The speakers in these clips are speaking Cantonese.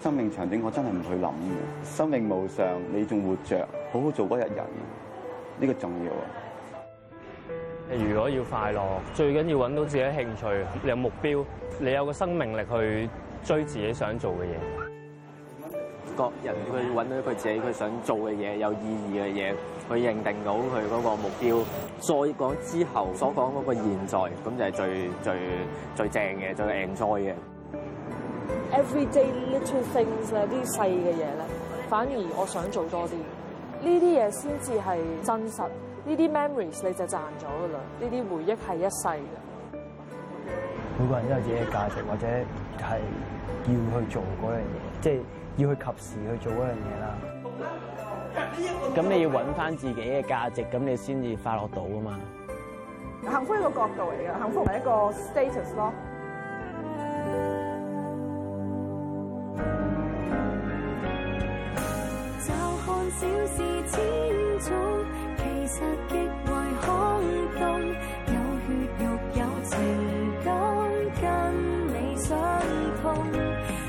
生命長短我真係唔去諗。生命無常，你仲活著，好好做嗰一日人，呢個重要啊！如果要快樂，最緊要揾到自己嘅興趣，你有目標，你有個生命力去追自己想做嘅嘢。各人去揾到佢自己佢想做嘅嘢，有意義嘅嘢，去認定到佢嗰個目標，再講之後所講嗰個現在，咁就係最最最正嘅，最 enjoy 嘅。Everyday little things 咧，啲細嘅嘢咧，反而我想做多啲。呢啲嘢先至係真實。呢啲 memories 你就賺咗噶啦。呢啲回憶係一世嘅。每個人都有自己嘅價值，或者係要去做嗰樣嘢，即係要去及時去做嗰樣嘢啦。咁你要揾翻自己嘅價值，咁你先至快樂到啊嘛。幸福係一個角度嚟嘅，幸福係一個 status 咯。小事千種，其實極為空洞。有血肉有情感，跟你相通。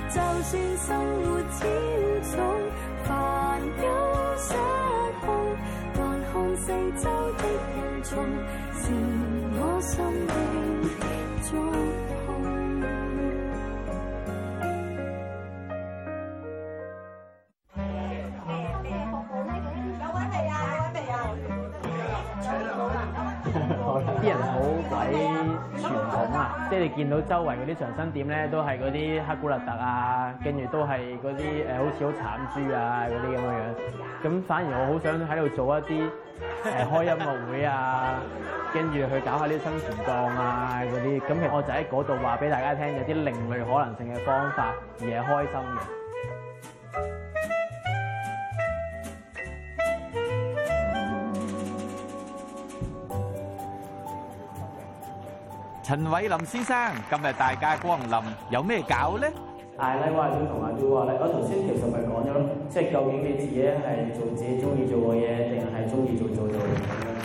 就算生活千種，煩憂失控，環看四周的人叢，是我心靈觸痛。即係你見到周圍嗰啲長生店咧，都係嗰啲黑古勒特啊，跟住都係嗰啲誒，好似好慘豬啊嗰啲咁嘅樣。咁反而我好想喺度做一啲誒、呃、開音樂會啊，跟住去搞下啲生存檔啊嗰啲。咁其實我就喺嗰度話俾大家聽，有啲另類可能性嘅方法而係開心嘅。陳偉霖先生，今日大駕光臨，有咩搞咧？誒，我係想同阿朱話咧，我頭先其實咪講咗咯，即係究竟你自己係做自己中意做嘅嘢，定係中意做做做嘢咁樣？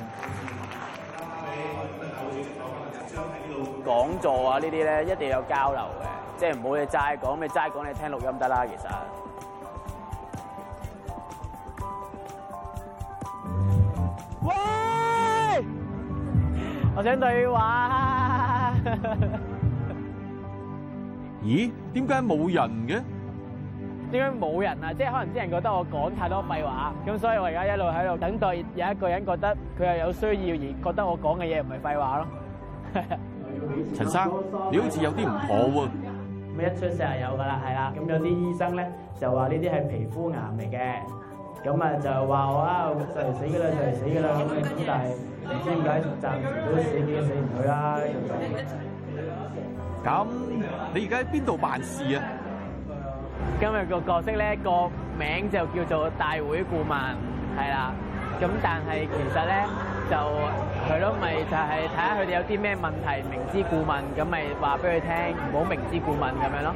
交俾海軍大會主席講翻，有張喺呢度講座啊，呢啲咧一定有交流嘅，即係唔好嘢齋講，咩齋講你聽錄音得啦，其實。喂，我想對話。 咦？點解冇人嘅？點解冇人啊？即係可能啲人覺得我講太多廢話，咁所以我而家一路喺度等待有一個人覺得佢又有需要而覺得我講嘅嘢唔係廢話咯。陳生，你好似有啲唔妥喎。咁一出世係有㗎啦，係啦。咁有啲醫生咧就話呢啲係皮膚癌嚟嘅。咁啊就話我啊就嚟死㗎啦，就嚟死㗎啦咁樣，咁但係唔知點解暫時都死幾都死唔去啦咁。咁你而家喺邊度辦事啊？今日個角色咧，個名就叫做大會顧問，係啦。咁但係其實咧就係咯，咪就係睇下佢哋有啲咩問題，明知顧問咁咪話俾佢聽，唔好明知顧問咁樣咯。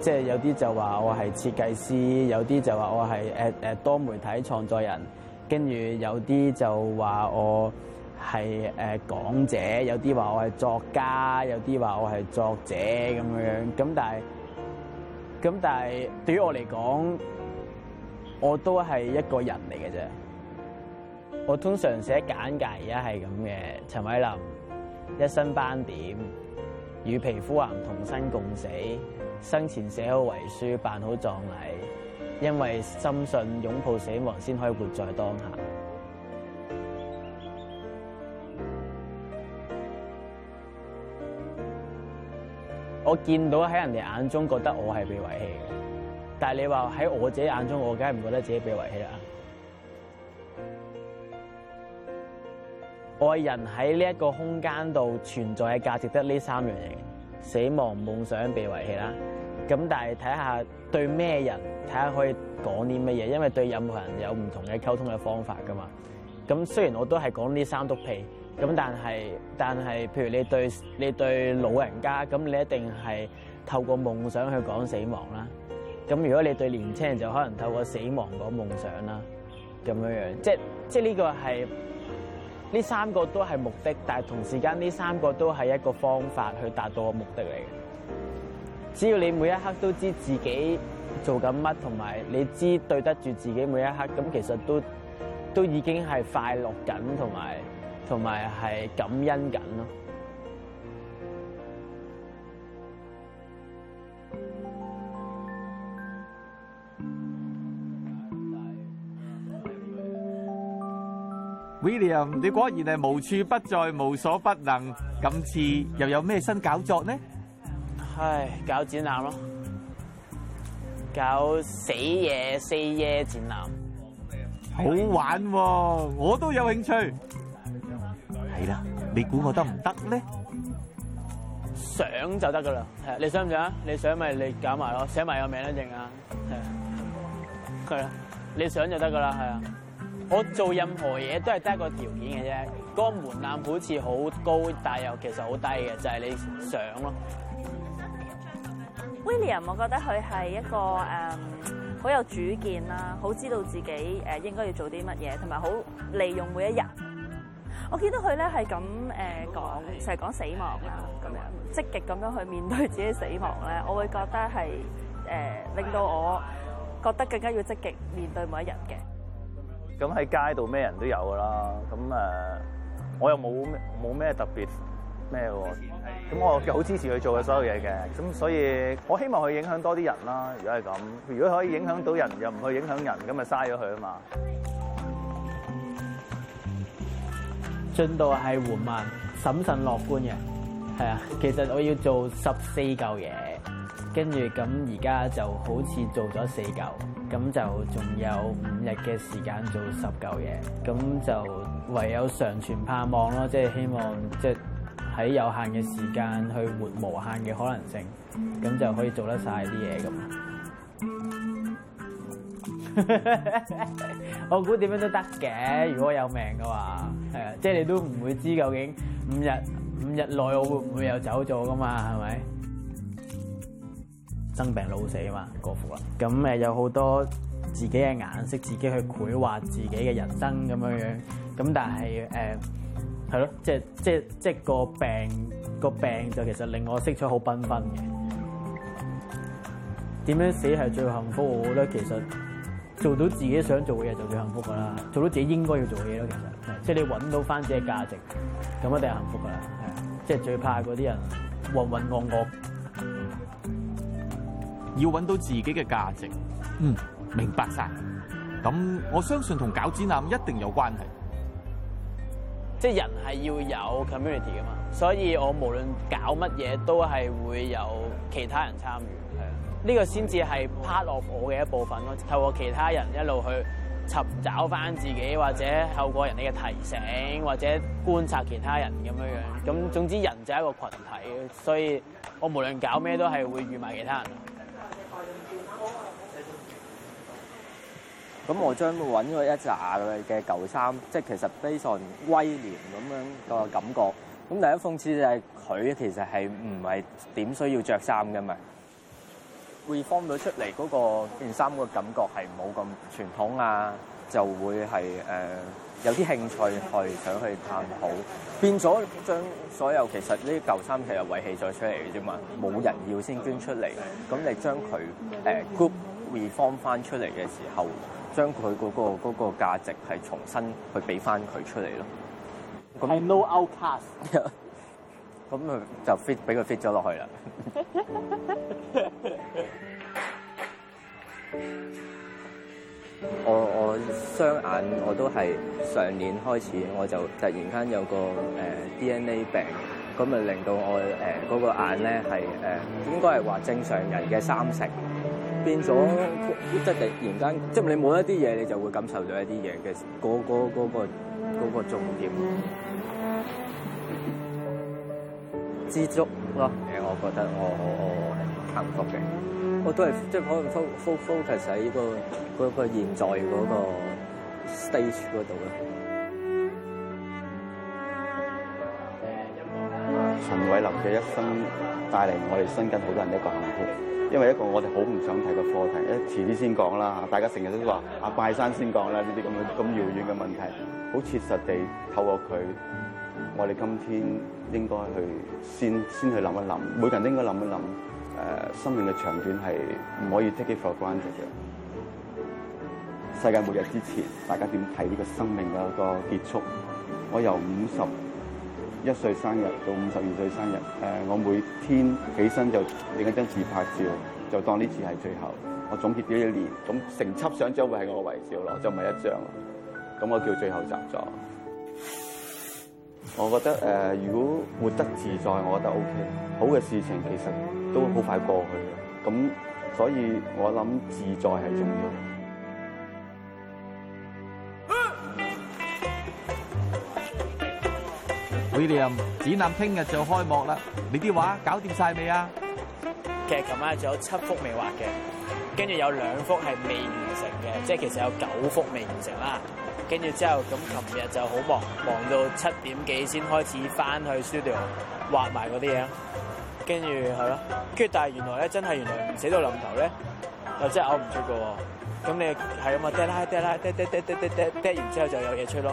即係有啲就話我係設計師，有啲就話我係誒誒多媒體創作人，跟住有啲就話我係誒講者，有啲話我係作家，有啲話我係作者咁樣。咁但係咁但係對於我嚟講，我都係一個人嚟嘅啫。我通常寫簡介，而家係咁嘅。陳偉霖，一身斑點，與皮膚癌同生共死。生前寫好遺書，辦好葬禮，因為深信擁抱死亡先可以活在當下。我見到喺人哋眼中覺得我係被遺棄嘅，但係你話喺我自己眼中，我梗係唔覺得自己被遺棄啦。我人喺呢一個空間度存在嘅價值得呢三樣嘢。死亡、夢想、被遺棄啦，咁但係睇下對咩人，睇下可以講啲乜嘢，因為對任何人有唔同嘅溝通嘅方法噶嘛。咁雖然我都係講呢三篤屁，咁但係但係，譬如你對你對老人家，咁你一定係透過夢想去講死亡啦。咁如果你對年輕人就可能透過死亡講夢想啦，咁樣樣，即即呢個係。呢三個都係目的，但係同時間呢三個都係一個方法去達到個目的嚟嘅。只要你每一刻都知自己做緊乜，同埋你知對得住自己每一刻，咁其實都都已經係快樂緊，同埋同埋係感恩緊咯。偉霖，你果然係無處不在、無所不能。今次又有咩新搞作呢？唉，搞展覽咯，搞死嘢四夜展覽，好玩喎，我都有興趣。係啦，你估我都唔得呢？想就得噶啦。係，你想唔想啊？你想咪你搞埋咯，寫埋個名一定啊。係啊，你想就得噶啦，係啊。我做任何嘢都係得一個條件嘅啫，個門檻好似好高，但又其實好低嘅，就係、是、你想咯。William，我覺得佢係一個誒好、嗯、有主見啦，好知道自己誒應該要做啲乜嘢，同埋好利用每一日。我見到佢咧係咁誒講，成日講死亡啦，咁樣積極咁樣去面對自己嘅死亡咧，我會覺得係誒、呃、令到我覺得更加要積極面對每一日嘅。咁喺街度咩人都有噶啦，咁誒我又冇咩冇咩特別咩喎，咁我好支持佢做嘅所有嘢嘅，咁所以我希望佢影響多啲人啦。如果係咁，如果可以影響到人又唔去影響人，咁咪嘥咗佢啊嘛。進度係緩慢、審慎、樂觀嘅，係啊，其實我要做十四嚿嘢。跟住咁而家就好似做咗四嚿，咁就仲有五日嘅時間做十嚿嘢，咁就唯有常存盼望咯，即係希望，即係喺有限嘅時間去活無限嘅可能性，咁就可以做得曬啲嘢咁。 我估點樣都得嘅，如果有命嘅話，係啊，即係你都唔會知究竟五日五日內我會唔會又走咗噶嘛，係咪？生病老死嘛過福啦，咁誒有好多自己嘅顏色，自己去繪畫自己嘅人生咁樣樣，咁但係誒係咯，即即即個病個病就其實令我色彩好繽紛嘅。點樣死係最幸福的？我覺得其實做到自己想做嘅嘢就最幸福噶啦，做到自己應該要做嘅嘢咯，其實係即、就是、你揾到翻自己嘅價值，咁一定係幸福噶啦，係啊，即、就是、最怕嗰啲人混混噩噩。呆呆呆呆呆呆呆要揾到自己嘅價值，嗯，明白晒。咁我相信同搞展覽一定有關係，即係人係要有 community 噶嘛。所以我無論搞乜嘢都係會有其他人參與，係啊。呢個先至係 part of 我嘅一部分咯。透過其他人一路去尋找翻自己，或者透過人哋嘅提醒，或者觀察其他人咁樣樣。咁、oh、總之人就係一個群體，所以我無論搞咩都係會預埋其他人。咁我將揾咗一紮嘅舊衫，即係其實非常威廉咁樣個感覺。咁第一諷刺就係佢其實係唔係點需要着衫噶嘛？reform 咗出嚟嗰個件衫個感覺係冇咁傳統啊，就會係誒、呃、有啲興趣去想去探討，變咗將所有其實呢啲舊衫其實遺棄咗出嚟嘅啫嘛，冇人要先捐出嚟，咁你將佢、呃、group reform 翻出嚟嘅時候。將佢嗰個嗰、那個、價值係重新去俾翻佢出嚟咯。I know outpass。咁咪就 fit，俾佢 fit 咗落去啦。我我雙眼我都係上年開始，我就突然間有個誒、uh, DNA 病，咁咪令到我誒嗰、uh, 個眼咧係誒應該係話正常人嘅三成。變咗，即係突然間，即係你冇一啲嘢，你就會感受到一啲嘢嘅嗰個嗰、那個那個那個、重點。知 足咯，誒、嗯，我覺得我，我，我幸福嘅，我都係即係可能 focus 喺依、那個嗰、那個、現在嗰個 stage 嗰度啦。陳偉霖嘅一生帶嚟我哋身邊好多人一個幸福。因為一個我哋好唔想提嘅課題，誒遲啲先講啦，大家成日都話拜山先講啦，呢啲咁樣咁遙遠嘅問題，好切實地透過佢，我哋今天應該去先先去諗一諗，每個人應該諗一諗誒、呃、生命嘅長短係唔可以 take it for granted 嘅，世界末日之前，大家點睇呢個生命嘅一、那個結束？我由五十一歲生日到五十二歲生日，誒，我每天起身就影一張自拍照，就當呢次係最後。我總結咗一年，咁成輯相將會係我嘅遺照咯，就唔係一張。咁我叫最後集作。 我覺得誒、呃，如果活得自在，我覺得 OK。好嘅事情其實都好快過去嘅，咁所以我諗自在係重要。 佢哋又展覽，聽日就開幕啦！你啲畫搞掂晒未啊？其實琴晚仲有七幅未畫嘅，跟住有兩幅係未完成嘅，即係其實有九幅未完成啦。跟住之後咁，琴日就好忙，忙到七點幾先開始翻去 studio 畫埋嗰啲嘢。跟住係咯，跟住但係原來咧，真係原來唔死到臨頭咧，又真係嘔唔出嘅喎。咁你係啊嘛，嗲啦嗲啦嗲嗲嗲嗲嗲嗲，嗲完之後就有嘢出咯。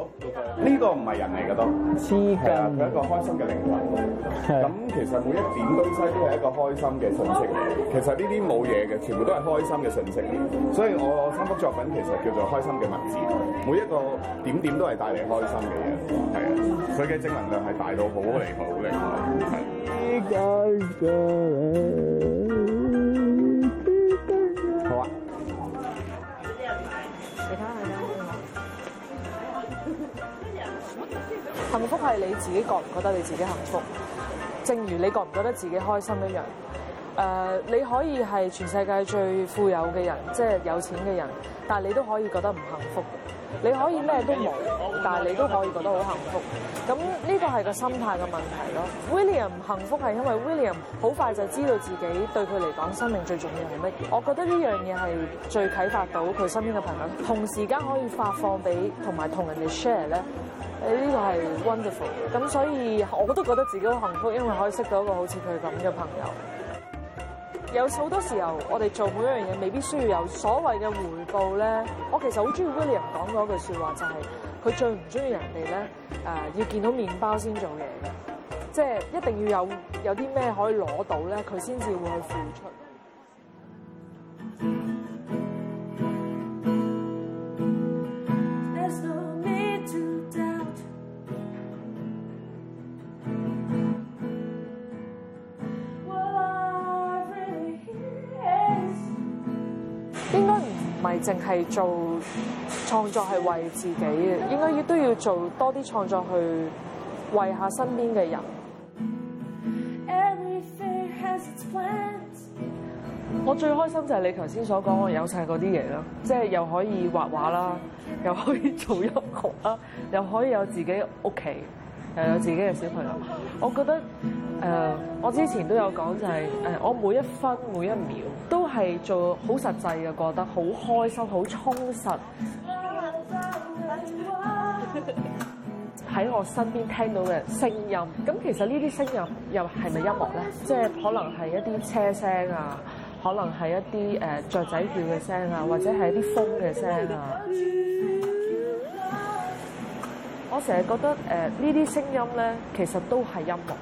呢、這個唔係人嚟噶，都黐啊，佢一個開心嘅靈魂。咁其實每一點東西都係一個開心嘅信息嚟。其實呢啲冇嘢嘅，全部都係開心嘅信息。所以我三幅作品其實叫做開心嘅文字。每一個點點都係帶嚟開心嘅嘢，係啊，佢嘅正能量係大到好離譜嘅。幸福係你自己覺唔覺得你自己幸福？正如你覺唔覺得自己開心一樣。誒、呃，你可以係全世界最富有嘅人，即係有錢嘅人，但係你都可以覺得唔幸福。你可以咩都冇，但係你都可以覺得好幸福。咁呢個係個心態嘅問題咯。William 幸福係因為 William 好快就知道自己對佢嚟講生命最重要係乜嘢。我覺得呢樣嘢係最啟發到佢身邊嘅朋友，同時間可以發放俾同埋同人哋 share 咧。呢個係 wonderful，咁所以我都覺得自己好幸福，因為可以識到一個好似佢咁嘅朋友。有好多時候，我哋做每一樣嘢，未必需要有所謂嘅回報咧。我其實好中意 William 講嗰句說話，就係佢最唔中意人哋咧，呃，要見到麵包先做嘢嘅，即係一定要有有啲咩可以攞到咧，佢先至會去付出。淨係做創作係為自己嘅，應該亦都要做多啲創作去為下身邊嘅人。我最開心就係你頭先所講，我有晒嗰啲嘢囉，即係又可以畫畫啦，又可以做音樂啦，又可以有自己屋企。又有自己嘅小朋友，我覺得誒、呃，我之前都有講就係、是、誒、呃，我每一分每一秒都係做好實際嘅，覺得好開心、好充實。喺我身邊聽到嘅聲音，咁其實呢啲聲音又係咪音樂咧？即、就、係、是、可能係一啲車聲啊，可能係一啲誒、呃、雀仔叫嘅聲啊，或者係一啲風嘅聲啊。成日覺得誒呢啲聲音咧，其實都係音樂。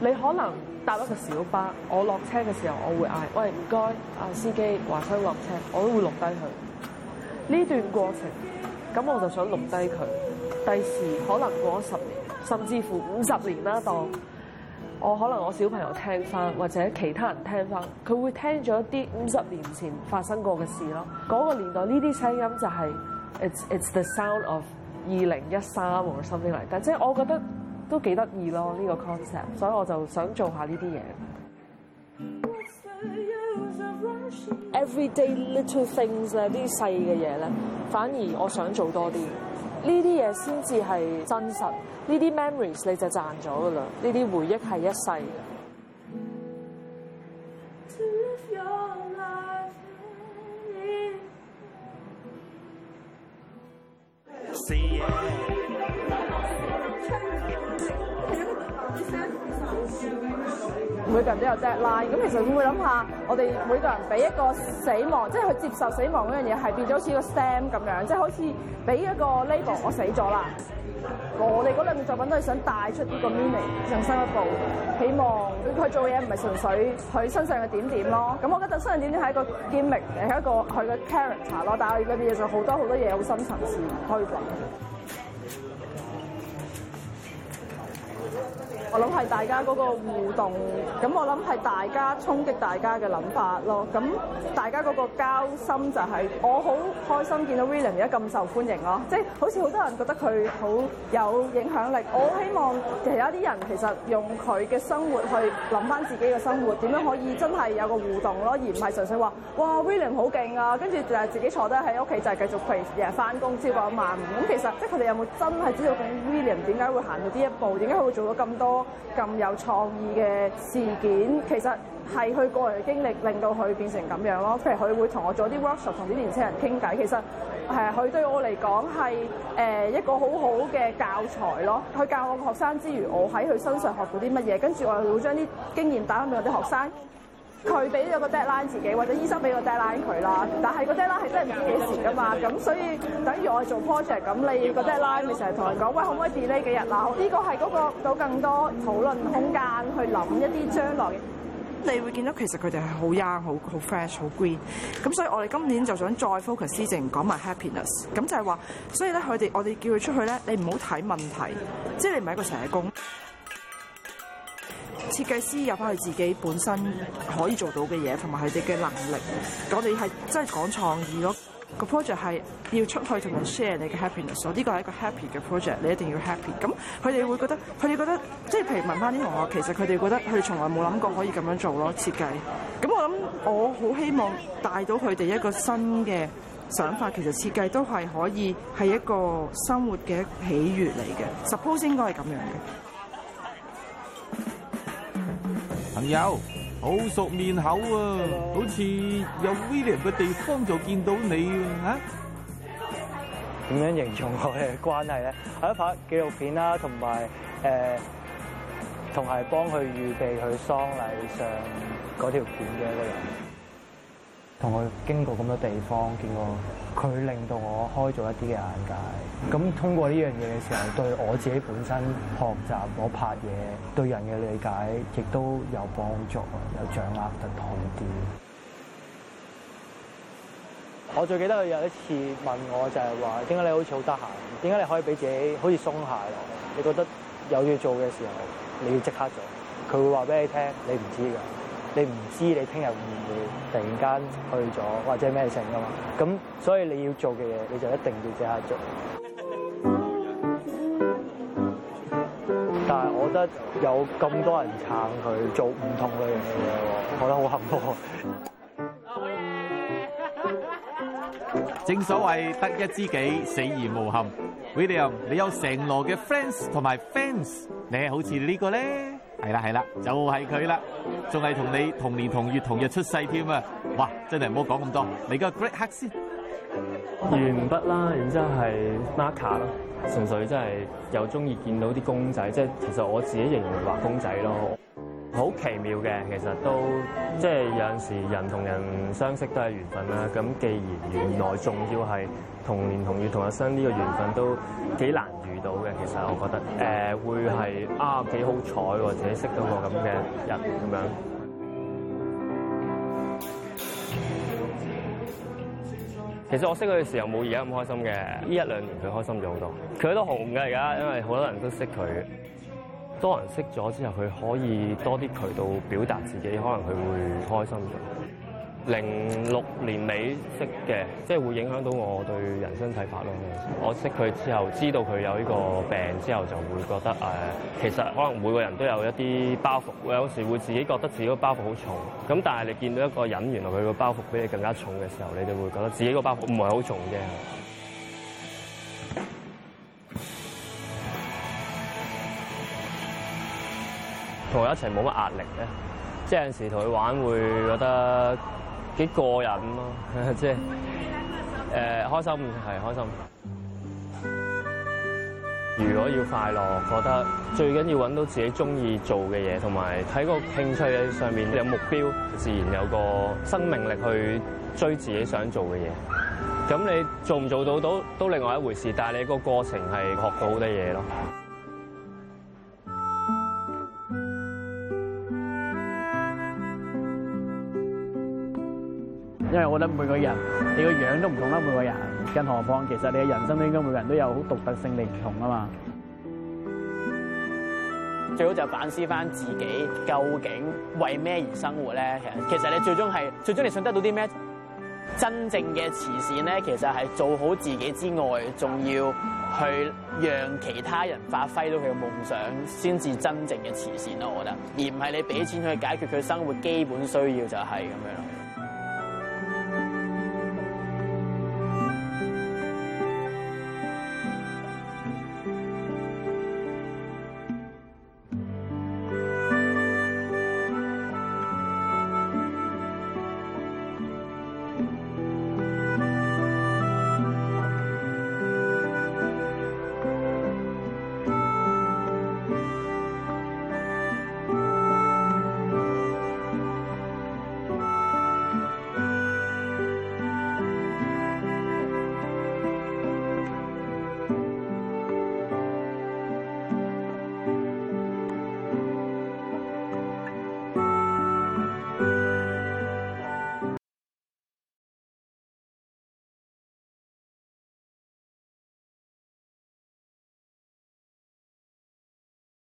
你可能搭一個小巴，我落車嘅時候，我會嗌：喂，唔該，司機，話聲落車，我都會錄低佢。呢段過程，咁我就想錄低佢。第時可能過咗十年，甚至乎五十年啦，當我可能我小朋友聽翻，或者其他人聽翻，佢會聽咗一啲五十年前發生過嘅事咯。嗰個年代呢啲聲音就係，it's it's the sound of。二零一三我身邊嚟，但即係我覺得都幾得意咯呢個 concept，所以我就想做下呢啲嘢。Everyday little things 咧，啲細嘅嘢咧，反而我想做多啲。呢啲嘢先至係真實。呢啲 memories 你就賺咗㗎啦，呢啲回憶係一世。最近都有 deadline，咁其實會唔會諗下我哋每個人俾一,一個死亡，即係佢接受死亡嗰樣嘢，係變咗好似個 stem 咁樣，即、就、係、是、好似俾一個 label，我死咗啦。我哋嗰兩件作品都係想帶出呢個 meaning，更深一步，希望佢做嘢唔係純粹佢身上嘅點點咯，咁我覺得身上嘅點點係一個 gimmick 係一個佢嘅 character 咯，但係裏面就好多好多嘢好深層次推廣。我諗係大家嗰個互動，咁我諗係大家衝擊大家嘅諗法咯。咁大家嗰個交心就係、是、我好開心見到 William 而家咁受歡迎咯，即、就、係、是、好似好多人覺得佢好有影響力。我希望其實有啲人其實用佢嘅生活去諗翻自己嘅生活，點樣可以真係有個互動咯，而唔係純粹話哇 William 好勁啊，跟住就係自己坐低喺屋企就係、是、繼續肥，日日翻工超過一萬五。咁其實即係佢哋有冇真係知道咁 William 點解會行到呢一步，點解佢會做到咁多？咁有創意嘅事件，其實係佢個人經歷令到佢變成咁樣咯。譬如佢會同我做啲 workshop，同啲年輕人傾偈。其實係佢對我嚟講係誒一個好好嘅教材咯。佢教我嘅學生之餘，我喺佢身上學到啲乜嘢，跟住我會將啲經驗打開俾我啲學生。佢俾咗個 deadline 自己，或者醫生俾個 deadline 佢啦。但係個 deadline 係真係唔知幾時噶嘛。咁所以等於我做 project 咁，你個 deadline 你成日同人講，喂，可唔可以 delay 幾日啊？呢個係嗰個到更多討論空間去諗一啲將來。你會見到其實佢哋係好 young、好好 fresh、好 green。咁所以我哋今年就想再 focus，淨講埋 happiness。咁就係話，所以咧佢哋我哋叫佢出去咧，你唔好睇問題，即係你唔係一個社工。設計師有翻佢自己本身可以做到嘅嘢，同埋佢哋嘅能力。我哋係真係講創意咯。個 project 係要出去同人 share 你嘅 happiness，呢個係一個 happy 嘅 project，你一定要 happy。咁佢哋會覺得，佢哋覺得，即係譬如問翻啲同學，其實佢哋覺得佢從來冇諗過可以咁樣做咯設計。咁我諗我好希望帶到佢哋一個新嘅想法，其實設計都係可以係一個生活嘅喜悅嚟嘅。suppose 應該係咁樣嘅。有，好熟面口啊，好似有 William 嘅地方就見到你啊？吓，點樣形容我嘅關係咧？喺拍紀錄片啦，同埋誒，同係幫佢預備去喪禮上嗰條片嘅一個人。同佢經過咁多地方，見過佢令到我開咗一啲嘅眼界。咁通過呢樣嘢嘅時候，對我自己本身學習、我拍嘢、對人嘅理解，亦都有幫助，有掌握得好啲。我最記得佢有一次問我就係，就係話：點解你好似好得閒？點解你可以俾自己好似鬆懈？你覺得有嘢做嘅時候，你要即刻做。佢會話俾你聽，你唔知㗎。你唔知你聽日會唔會突然間去咗或者咩性噶嘛？咁所以你要做嘅嘢，你就一定要即刻做。 但係我覺得有咁多人撐佢做唔同類型嘅嘢，我覺得好幸福。正所謂得一知己，死而無憾。William，你有成籮嘅 friends 同埋 fans，你係好似呢個咧。係啦係啦，就係佢啦，仲係同你同年同月同日出世添啊！哇，真係唔好講咁多，嚟個 great 黑先。鉛筆啦，然之後係 mark 咯，純粹真係又中意見到啲公仔，即係其實我自己仍然畫公仔咯，好奇妙嘅。其實都即係有陣時人同人相識都係緣分啦。咁既然原來仲要係同年同月同日生，呢個緣分都幾難到嘅其實，我覺得誒、呃、會係啊幾好彩或者自己識到個咁嘅人咁樣。其實我識佢嘅時候冇而家咁開心嘅，呢一兩年佢開心咗好多。佢都紅㗎而家，因為好多人都識佢，多人識咗之後，佢可以多啲渠道表達自己，可能佢會開心咗。零六年尾識嘅，即係會影響到我對人生睇法咯。我識佢之後，知道佢有呢個病之後，就會覺得、呃、其實可能每個人都有一啲包袱，有時會自己覺得自己個包袱好重。咁但係你見到一個人原來佢個包袱比你更加重嘅時候，你就會覺得自己個包袱唔係好重嘅。同我一齊冇乜壓力咧，即係有時同佢玩會覺得。幾過癮咯，即係誒開心，係開心。如果要快樂，覺得最緊要揾到自己中意做嘅嘢，同埋喺個興趣上面有目標，自然有個生命力去追自己想做嘅嘢。咁你做唔做到到都另外一回事，但係你個過程係學到好多嘢咯。覺得每個人你個樣都唔同啦，每個人，更何況其實你嘅人生都應該每個人都有好獨特性你唔同啊嘛。最好就反思翻自己究竟為咩而生活咧？其實其實你最終係最終你想得到啲咩？真正嘅慈善咧，其實係做好自己之外，仲要去讓其他人發揮到佢嘅夢想，先至真正嘅慈善咯。我覺得，而唔係你俾錢去解決佢生活基本需要就係咁樣。